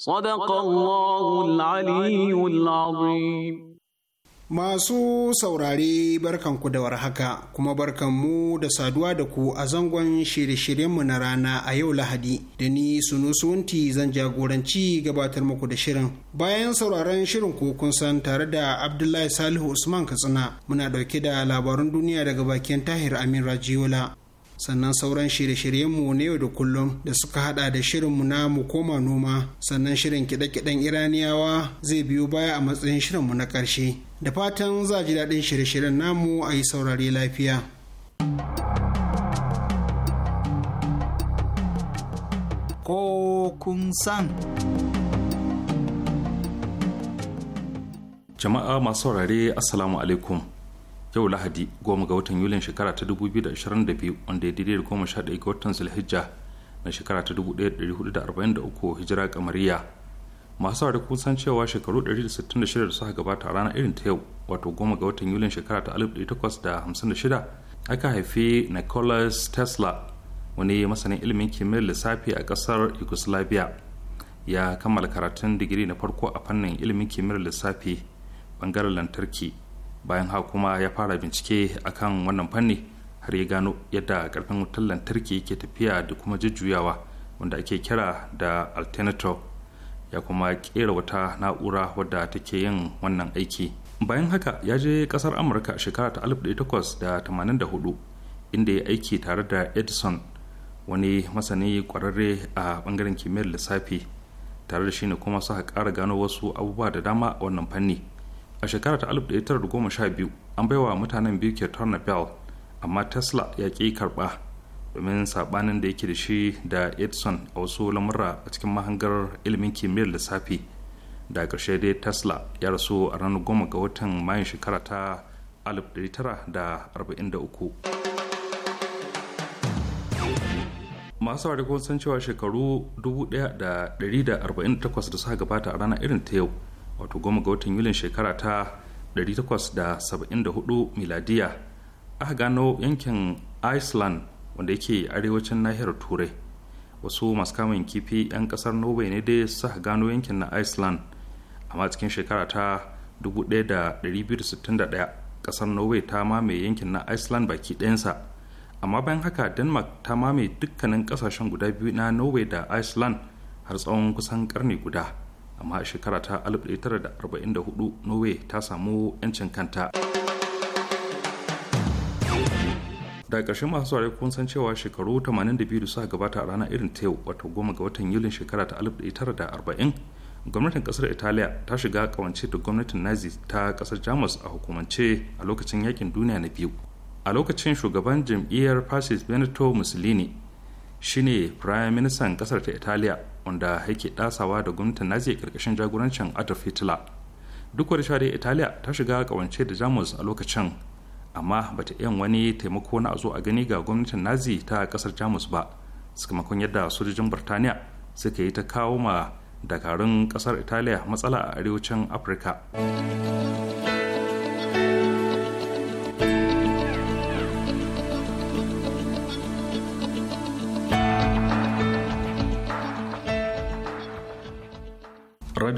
صدق الله العلي العظيم Masu saurare barkanku da warhaka kuma barkan mu da saduwa da ku a zangon shirye-shiryenmu na rana a yau Lahadi da ni sunusunti zan jagoranci gabatar muku da shirin. Bayan sauraron shirin ku kun san tare da Abdullahi Salihu Usman Katsina muna ɗauke da labarun duniya daga bakin Tahir Amin Rajiola sannan sauran shirye-shiryenmu na yau da kullum da suka hada da shirinmu na mu koma noma sannan shirin kiɗe-kiɗen iraniyawa zai biyo baya a matsayin shirinmu na karshe da fatan za ji daɗin shirye-shiryen namu a yi saurare lafiya ko kun san jama'a masu saurare assalamu alaikum yau lahadi goma ga watan yulin shekara ta 2022 wanda ya daidai goma sha ɗaya ga watan zulhijja na shekara ta 1443 hijira kamariya masu ware san cewa shekaru 166 da suka gabata a ranar irin ta yau wato goma ga watan yulin shekara ta 1856 aka haifi nicholas tesla wani masanin ilimin kimiyyar lissafi a kasar yugoslavia ya kammala karatun digiri na farko a fannin ilimin kimiyyar lissafi bangaren lantarki bayan haka kuma ya fara bincike akan wannan fanni har ya gano yadda karfin wutar lantarki ke tafiya da kuma jujjuyawa wanda ake kira da alternator ya kuma kera wata na'ura wadda take yin wannan aiki bayan haka ya je kasar amurka a shekara ta 1884 inda ya aiki tare da edison wani masani kwararre a bangaren kimiyyar lissafi tare da shi ne kuma suka ƙara gano wasu abubuwa da dama a wannan fanni a shekara ta 1912 an baiwa mutanen biyu kyautar nobel amma tesla ya ƙi karɓa domin saɓanin da yake da shi da edison a wasu lamura a cikin mahangar ilimin kimiyyar lissafi da ƙarshe dai tesla ya rasu a ranar goma ga watan mayun shekara ta 1943 masu ware kusan cewa shekaru 1148 da suka gabata a ranar irin ta yau wato goma ga watan yulin shekara ta 1874 miladiya aka gano yankin iceland wanda yake arewacin nahiyar turai wasu masu kamun kifi 'yan kasar norway ne dai suka gano yankin na iceland amma cikin shekara ta 1261 kasar norway ta mame yankin na iceland baki ɗayansa amma bayan haka denmark ta mame dukkanin kasashen guda biyu na norway da iceland har tsawon kusan karni guda amma a shekara ta 1944 norway ta samu 'yancin kanta daga ƙarshen masu saurari kun san cewa shekaru 82 da suka gabata a ranar irin ta yau wato goma ga watan yulin shekara ta 1940 gwamnatin kasar italiya ta shiga kawance da gwamnatin nazi ta kasar jamus a hukumance a lokacin yakin duniya na biyu a lokacin shugaban jam'iyyar fascist benito mussolini shine prime minister kasar ta italiya wanda yake dasawa da gwamnatin nazi karkashin jagorancin adolf hitler duk wani share italiya ta shiga kawance da jamus a lokacin amma bata yin wani taimako na zo a gani ga gwamnatin nazi ta ƙasar jamus ba sakamakon yadda sojojin burtaniya suka yi ta kawo ma dakarun ƙasar italiya matsala a arewacin afirka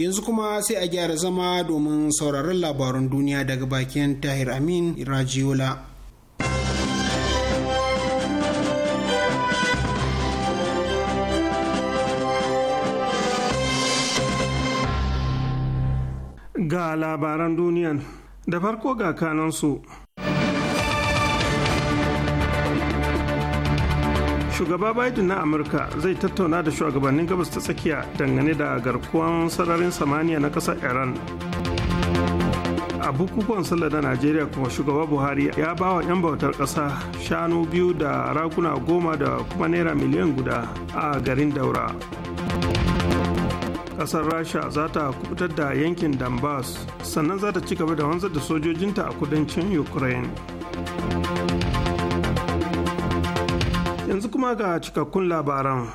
yanzu kuma sai a gyara zama domin sauraron labarun duniya daga bakin tahir amin rajiola ga labaran duniyan da farko ga kanansu shugaba biden na amurka zai tattauna da shugabannin gabas ta tsakiya dangane da garkuwan sararin samaniya na kasar iran a bukukuwan sallah na najeriya kuma shugaba buhari ya ba wa 'yan bautar ƙasa shanu biyu da raguna goma da kuma naira miliyan guda a garin daura ƙasar rasha za ta kubutar da yankin donbass sannan za ta ci gaba da wanzar da sojojinta a kudancin ukraine yanzu kuma ga cikakkun labaran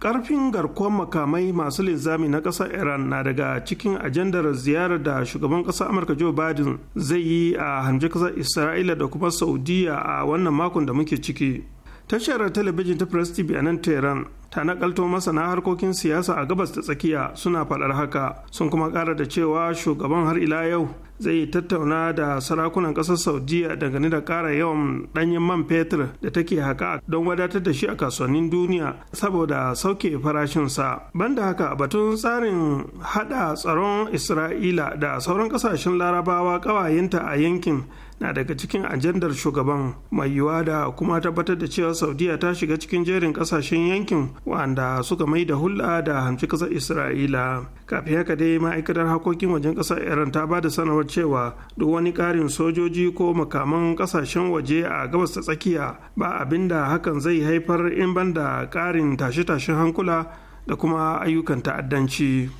karfin garkuwar makamai masu linzami na ƙasar iran na daga cikin ajandar ziyarar da shugaban ƙasar amurka joe biden zai yi a hamji ƙasar isra'ila da kuma saudiya a wannan makon da muke ciki tashar talabijin ta press tv a nan tehran ta nakalto masana harkokin siyasa a gabas ta tsakiya suna faɗar haka sun kuma ƙara da cewa shugaban har ila yau zai yi tattauna da sarakunan ƙasar saudiya dangane da ƙara yawan ɗanyen man fetur da take haka don wadatar da shi a kasuwannin duniya saboda sauke farashinsa banda haka batun tsarin hada tsaron isra'ila da sauran ƙasashen larabawa ƙawayenta a yankin na daga cikin ajandar shugaban mai yiwuwa da kuma tabbatar da cewa saudiya ta shiga cikin jerin kasashen yankin wanda suka mai da hula da hamci ƙasar isra'ila kafin haka dai ma'aikatar harkokin wajen ƙasar iran ta ba da sanarwar cewa duk wani ƙarin sojoji ko makaman ƙasashen waje a gabas ta tsakiya ba abin da hakan zai haifar in ban da ƙarin tashe-tashen hankula da kuma ayyukan ta'addanci.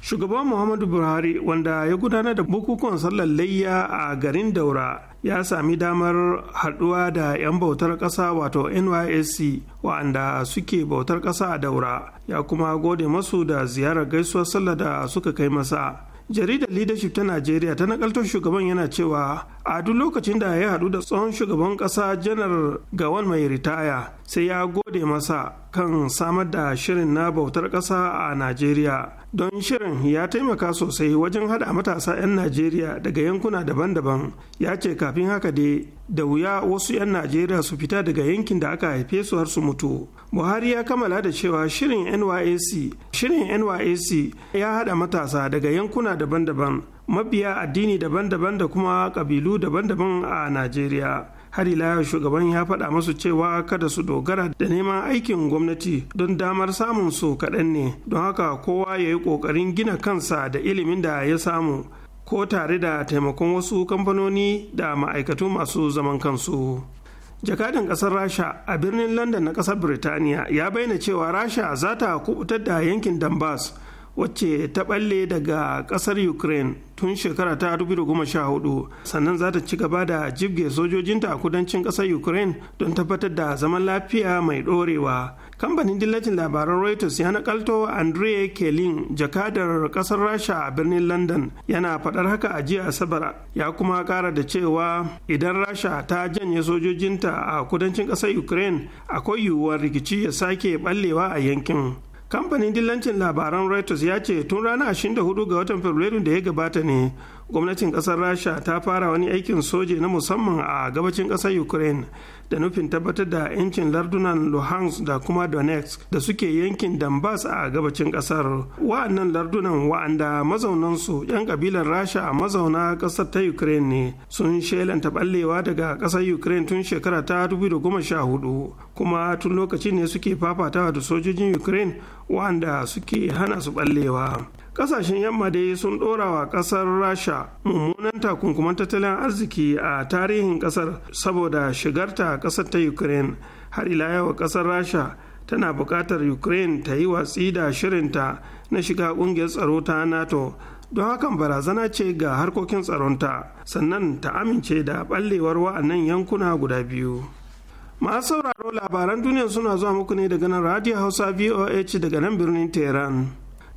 Shugaban Muhammadu Buhari wanda ya gudanar da bukukuwan sallar layya a garin Daura ya sami damar haɗuwa da 'yan bautar ƙasa wato NYSC wa'anda suke bautar ƙasa a Daura ya kuma gode masu da ziyarar gaisuwar sallar da suka kai masa. jaridar leadership ta najeriya ta nakaltar shugaban yana cewa a duk lokacin da ya hadu da tsohon shugaban kasa janar gawan mai ritaya sai ya gode masa kan samar da shirin na bautar kasa a najeriya don shirin ya taimaka sosai wajen hada matasa 'yan najeriya daga yankuna daban-daban ya ce kafin haka dai da wuya wasu 'yan najeriya su fita daga yankin da aka haife su har su mutu buhari ya kammala da cewa shirin nyac shirin nyac ya hada matasa daga yankuna daban-daban mabiya addini daban-daban da kuma kabilu daban-daban a najeriya har ila shugaban ya faɗa masu cewa kada su dogara da neman aikin gwamnati don damar samun su kaɗan ne don haka kowa ya yi ƙoƙarin gina kansa da ilimin da ya samu ko tare da taimakon wasu kamfanoni da ma'aikatu masu zaman kansu. jakadan kasar rasha a birnin london na kasar birtaniya ya bayyana cewa rasha za ta kubutar da yankin donbass wacce ta balle daga kasar ukraine tun shekara ta 2014 sannan za ta ci gaba da jibge sojojinta a kudancin kasar ukraine don tabbatar da zaman lafiya mai dorewa kamfanin dillacin labaran reuters ya nakalto andrey kelin jakadar kasar rasha a birnin london yana faɗar haka a jiya asabar ya kuma kara da cewa idan rasha ta janye sojojinta a kudancin kasar ukraine akwai yiwuwar rikici ya sake ballewa a yankin kamfanin dillancin labaran reuters ya ce tun rana 24 ga watan fabrairu da ya gabata ne gwamnatin kasar rasha ta fara wani aikin soje na musamman a gabacin kasar ukraine da nufin tabbatar da 'yancin lardunan luhansk da kuma donetsk da suke yankin donbass a gabacin kasar wa'annan lardunan wa'anda mazaunansu 'yan kabilar rasha a mazauna kasar ta ukraine ne sun shelanta ballewa daga kasar ukraine tun shekara ta 2014 kuma tun lokaci ne suke fafatawa da sojojin ukraine wa'anda suke hana su ballewa kasashen yamma dai sun ɗora wa ƙasar rasha mummunan takunkuman tattalin arziki a tarihin kasar saboda shigarta kasar ta ukraine har ila yau kasar rasha tana bukatar ukraine ta yi watsi da shirinta na shiga ƙungiyar tsaro ta nato don hakan barazana ce ga harkokin tsaronta sannan ta amince da ɓallewar wa'annan yankuna guda biyu masu sauraro labaran duniya suna zuwa muku ne daga nan radio hausa voh daga nan birnin tehran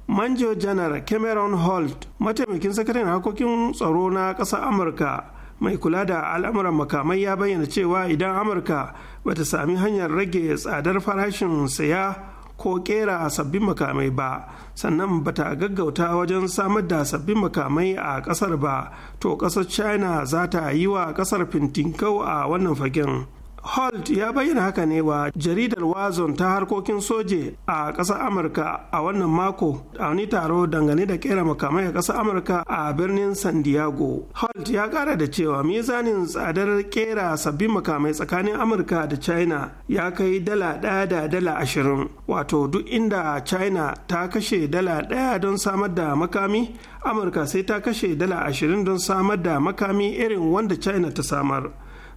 manjo janar cameron holt mataimakin sakataren harkokin tsaro na ƙasar amurka mai kula da al'amuran makamai ya bayyana cewa idan amurka bata sami hanyar rage tsadar farashin saya ko kera sabbin makamai ba sannan bata gaggauta wajen samar da sabbin makamai a kasar ba to kasar china za ta yi wa kasar fintinkau a wannan fagen holt ya bayyana haka ne wa jaridar wazon ta harkokin soje a ƙasar amurka a wannan mako a wani taro dangane da kera makamai a ƙasar amurka a birnin san diego holt ya ƙara da cewa mizanin tsadar kera sabbin makamai tsakanin amurka da china ya kai dala ɗaya da dala ashirin wato duk inda china ta kashe dala ɗaya don samar da makami amurka sai ta kashe dala ashirin don samar da makami irin wanda china ta samar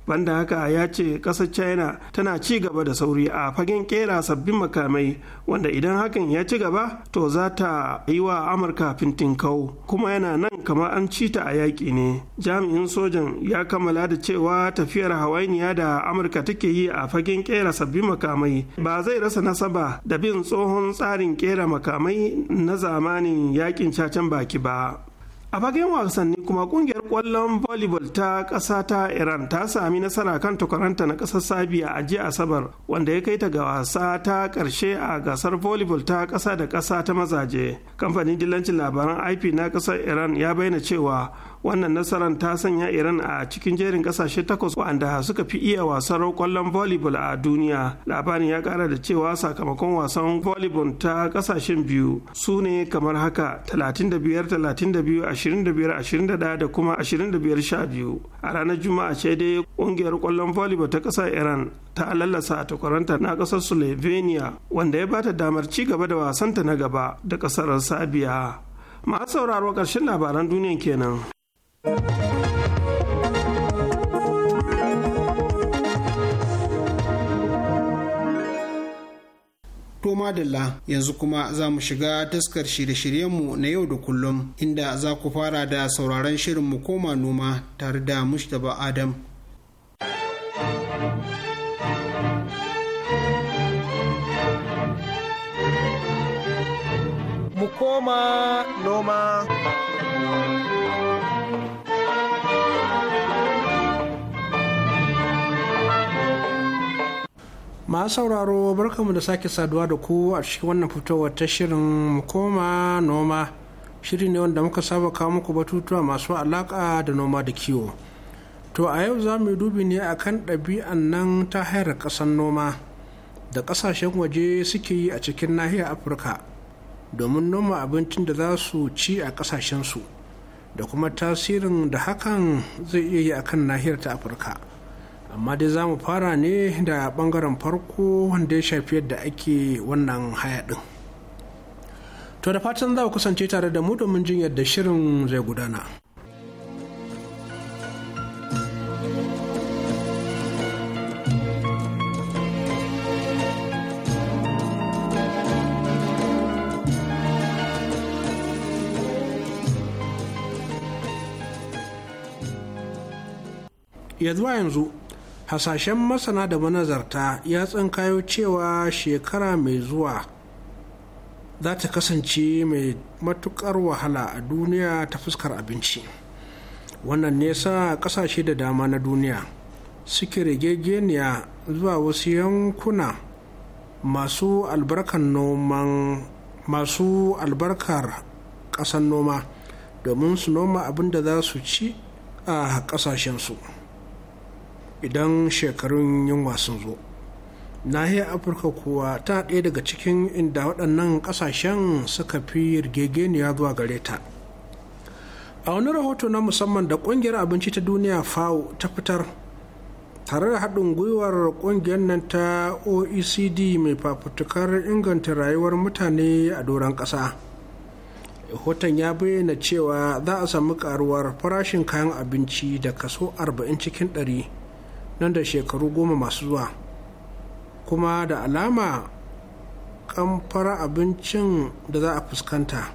banda haka ya ce ƙasar china tana ci gaba da sauri a fagen kera sabbin makamai wanda idan hakan ya ci gaba to za ta yi wa amurka kau kuma yana nan kamar an ci ta a yaƙi ne jami'in sojan ya kammala da cewa tafiyar hawainiya da amurka take yi a fagen kera sabbin makamai ba zai rasa nasaba da bin tsohon tsarin kera makamai na zamanin yakin cacen baki ba a fagen wasanni kuma kungiyar kwallon volleyball ta ƙasa ta iran ta sami nasara kan tukaranta na ƙasar sabiya a jiya asabar wanda ya kai ta ga wasa ta ƙarshe a gasar volleyball ta ƙasa da ƙasa ta mazaje kamfanin dillancin labaran ip na ƙasar iran ya bayyana cewa wannan nasarar ta sanya iran a cikin jerin kasashe takwas wanda suka fi iya wasan kwallon volleyball a duniya labarin ya kara da cewa sakamakon wasan volleyball ta kasashen biyu su ne kamar haka 35 32 25 21 da kuma 25 12 a ranar juma'a ce dai kungiyar kwallon volleyball ta kasar iran ta lallasa takwaranta na kasar slovenia wanda ya bata damar ci gaba da wasanta na gaba da kasar sabiya masu sauraro ƙarshen labaran duniya kenan. madalla yanzu kuma za mu shiga taskar shirye-shiryenmu na yau da kullum inda za ku fara da sauraron shirin mu koma noma tare da Mushtaba Adam. Mu koma noma. masu sauraro barkamu da sake saduwa da ku a cikin wannan fitowar ta shirin koma noma shiri ne wanda muka saba kawo muku batutuwa masu alaka da noma da kiwo to a yau za mu yi dubi ne akan ɗabi'an nan ta hayar ƙasan noma da ƙasashen waje suke yi a cikin nahiyar afirka domin noma abincin da za su ci a ƙasashensu da kuma tasirin da hakan zai iya yi a kan nahiyar ta afirka amma dai za mu fara ne da bangaren farko wanda ya shafi yadda ake wannan haya din to da fatan za ku kusance tare da mu domin jin yadda shirin zai gudana ya a yanzu hasashen masana da manazarta ya tsinkayo cewa shekara mai zuwa za ta kasance mai matukar wahala a duniya ta fuskar abinci wannan nesa kasashe da dama na duniya suke rigegeniya zuwa wasu yankuna masu albarkar noman masu albarkar ƙasar noma domin su noma abin da za su ci a ƙasashensu. su idan shekarun yunwa sun zo nahiyar afirka kuwa ta ɗaya daga cikin inda waɗannan ƙasashen suka fi rigegeniya zuwa gare ta a wani rahoto na musamman da ƙungiyar abinci ta duniya fao ta fitar tare da haɗin gwiwar ƙungiyar nan ta oecd mai fafutukar inganta rayuwar mutane a doron ƙasa rahoton ya bayyana cewa za a samu karuwar farashin kayan abinci da kaso 40 cikin ɗari. nan da shekaru goma masu zuwa kuma da alama kamfara abincin da za a fuskanta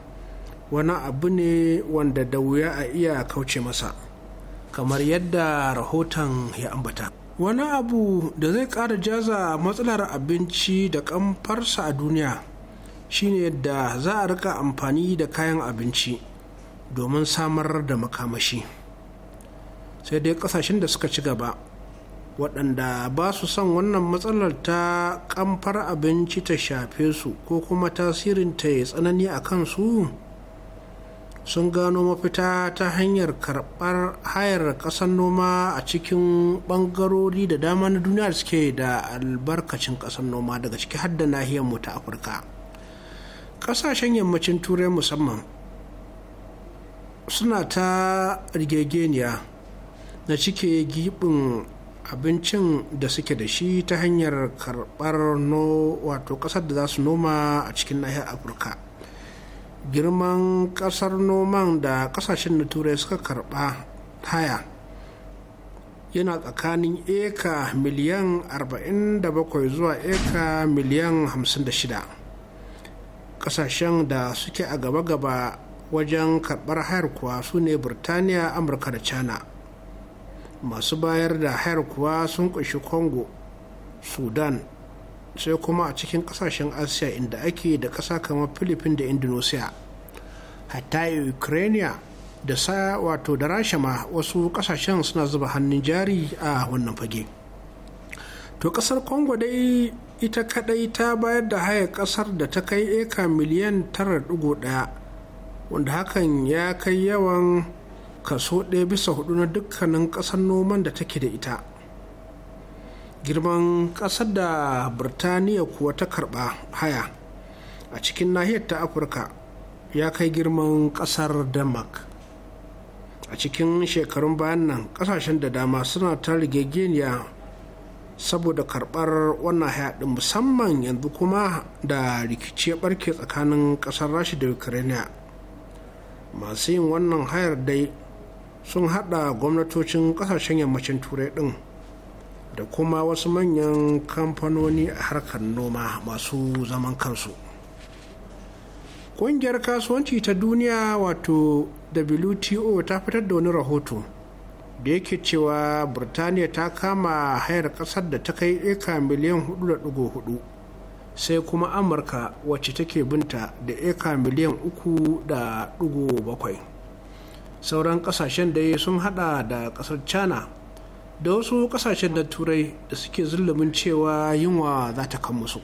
wani abu ne wanda da wuya a iya kauce masa kamar yadda rahoton ya ambata wani abu da zai kara jaza matsalar abinci da kamfarsa a duniya shine yadda za a rika amfani da kayan abinci domin samar da makamashi sai dai kasashen da suka ci gaba waɗanda ba su son wannan matsalar ta kamfar abinci ta shafe su ko kuma tasirin ta ya tsanani a kansu sun gano mafita ta hanyar karɓar hayar ƙasar noma a cikin ɓangarori da dama na duniya da suke da albarkacin ƙasar noma daga ciki har da nahiyarmu ta afirka ƙasashen yammacin turai musamman suna ta rigegeniya na cike gibin abincin da suke da shi ta hanyar karɓar no wato ƙasar da za su noma a cikin nahiyar afirka girman ƙasar noman da ƙasashen na turai suka karɓa haya yana tsakanin eka miliyan 47 zuwa eka miliyan 56 ƙasashen da suke a gaba-gaba wajen karɓar hayar kuwa su ne burtaniya amurka da china masu bayar da hayar kuwa sun ƙunshi congo sudan sai kuma a cikin ƙasashen asiya inda ake da ƙasa kamar philippines da indonesia hatta ukraine da sa wato da rasha ma wasu ƙasashen suna zuba hannun jari a wannan fage to ƙasar congo dai ita kadai ta bayar da haya ƙasar da ta kai eka miliyan 9.1 wanda hakan ya kai yawan kaso ɗaya bisa hudu na dukkanin ƙasar noman da take da ita girman ƙasar da birtaniya kuwa ta karɓa haya a cikin nahiyar ta afirka ya kai girman ƙasar denmark a cikin shekarun bayan nan ƙasashen da dama suna ta rigegeniya saboda karɓar wannan haya ɗin musamman yanzu kuma da rikici ya ɓarke tsakanin ƙasar rashi da ukraine masu yin wannan hayar dai sun hada gwamnatocin kasashen yammacin turai din da kuma wasu manyan kamfanoni a harkar noma masu zaman kansu kungiyar kasuwanci ta duniya wato wto ta fitar da wani rahoto da yake cewa birtaniya ta kama hayar kasar da ta kai eka miliyan 4.4 sai kuma amurka wacce take binta da eka miliyan 3.7 sauran kasashen da sun hada da kasar china da wasu kasashen da turai da suke zullumin cewa yunwa za ta kan musu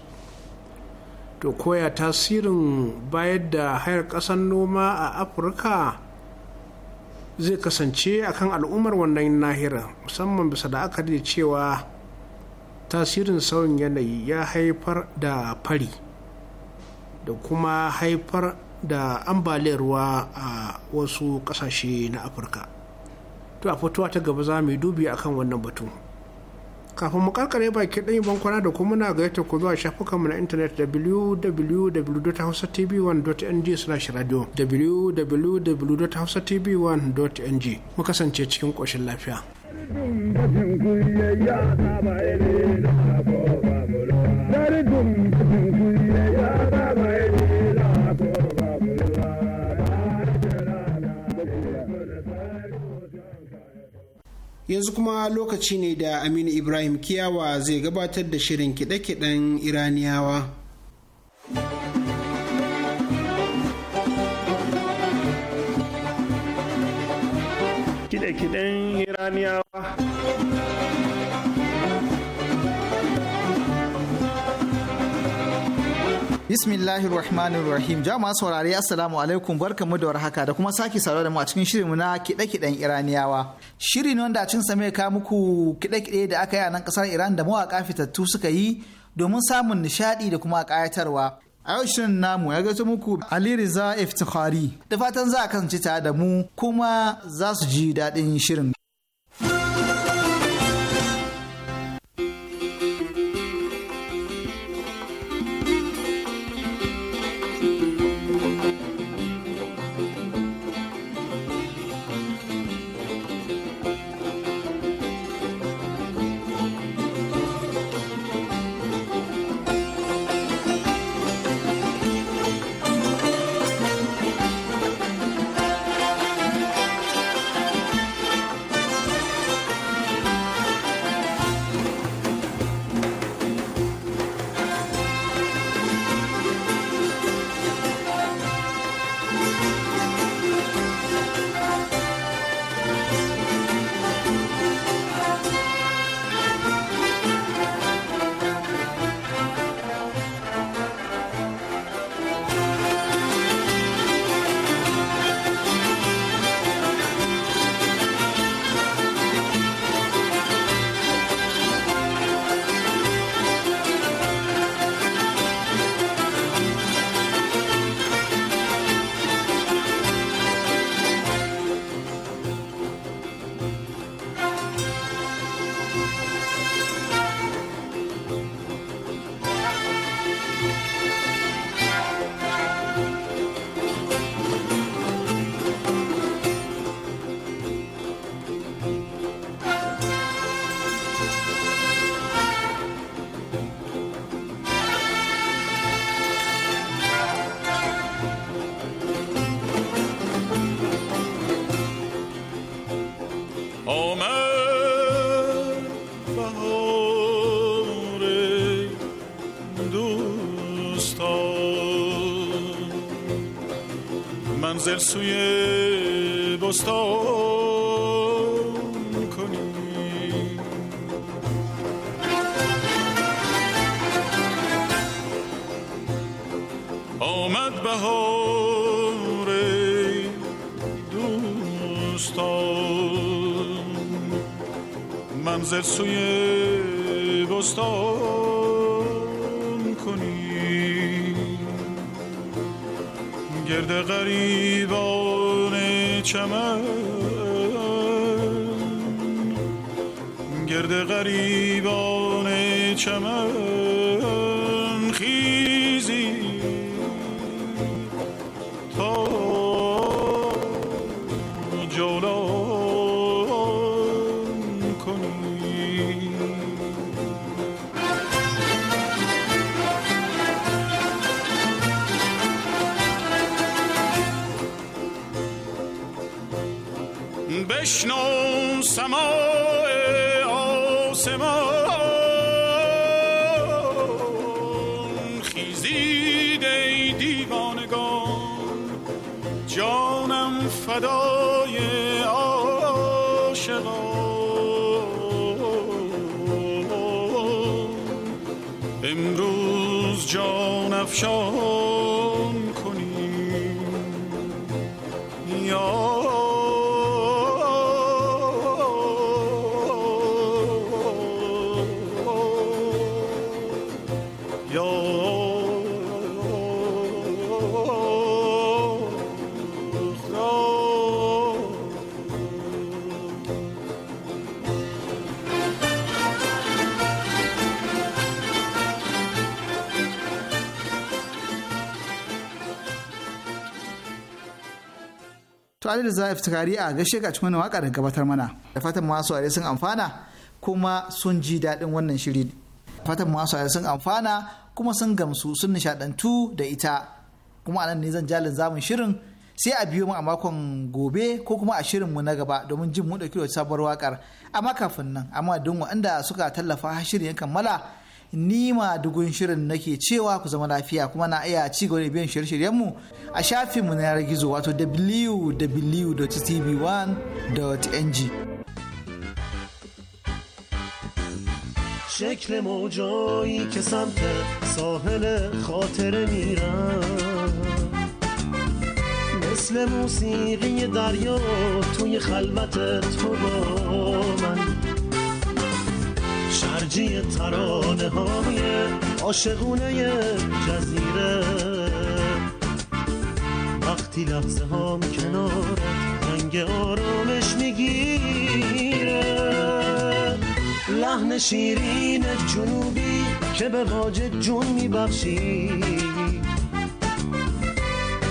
to koya tasirin bayar da hayar kasar noma a afirka zai kasance akan al'ummar wannan nahiyar musamman bisa da aka da cewa tasirin sauyin yanayi ya haifar da fari da kuma haifar da ambaliyar ruwa a wasu kasashe na afirka to a fitowa ta gaba za mu yi dubi akan wannan batu kafin mu karkare baki ɗanyi bankwana da kuma na gaita ku zuwa shafukanmu na intanet www.hausatv1.ng slash radio www.hausatv1.ng mu kasance cikin ƙoshin lafiya. yanzu kuma lokaci ne da aminu ibrahim kiyawa zai gabatar da shirin kiɗe-kiɗen iraniyawa kiɗe-kiɗen iraniyawa Bismillahir Rahmanir Rahim. Jama'a saurare Assalamu alaikum barkamu da warhaka da kuma sake saurare da mu a cikin shirin na kiɗe-kiɗen Iraniyawa. Shiri ne wanda a cikin sa mai ka muku kiɗe-kiɗe da aka yi a nan ƙasar Iran da mawaka fitattu suka yi domin samun nishaɗi da kuma kayatarwa A yau shirin namu ya gaito muku Ali Riza Iftikhari. Da fatan za a kasance tare da mu kuma za su ji daɗin shirin. منزل سوی بستان کنی آمد بهار دوستان منزل سوی بستان گرد غریبان چمن گرد غریبان چمن بشنو سماع آسمان خیزید ای دیوانگان جانم فدای آشقان امروز جان افشان to adil za iftikari a gashe ka cikin waka da gabatar mana da fatan masu are sun amfana kuma sun ji daɗin wannan shiri fatan masu are sun amfana kuma sun gamsu sun nishadantu da ita kuma anan ne zan jalin zamun shirin sai a biyo mu a makon gobe ko kuma a shirin mu na gaba domin jin mu dauki sabuwar wakar amma kafin nan amma don waɗanda suka tallafa shirin ya kammala ni ma dugun shirin nake cewa ku zama lafiya kuma na iya ci gaba da biyan shirye-shiryenmu a shafinmu na yanar gizo wato www.tv1.ng شکل موجایی که سمت ساحل خاطره میرم مثل موسیقی دریا توی خلوت تو با من ترجیح ترانه های عاشقونه جزیره وقتی لحظه هام کنار رنگ آرامش میگیره لحن شیرین جنوبی که به واجه جون میبخشی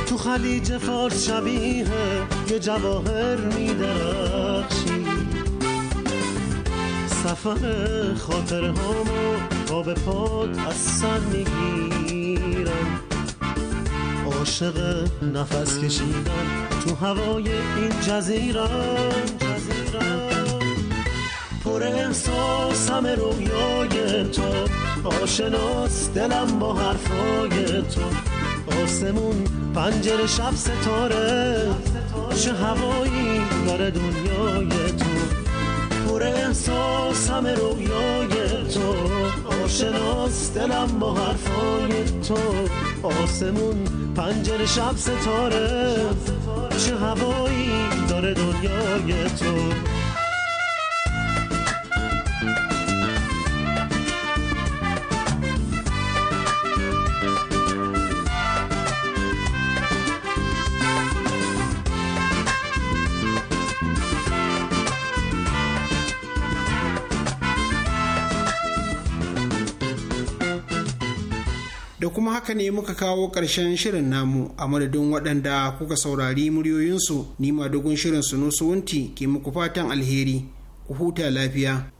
تو خلیج فارس شبیه یه جواهر میدرد سفر خاطر هامو تا به پاد از سر میگیرم عاشق نفس کشیدم تو هوای این جزیرم پر همه رویای تو آشناس دلم با حرفای تو آسمون پنجره شب ستاره چه هوایی داره دنیای تو احساس همه رویای تو آشناس دلم با حرفای تو آسمون پنجره شب ستاره چه هوایی داره دنیای تو kuma haka ne muka kawo ƙarshen shirin namu a madadin waɗanda kuka saurari muryoyinsu ni madugun shirin sunusu wunti ke muku fatan alheri ku huta lafiya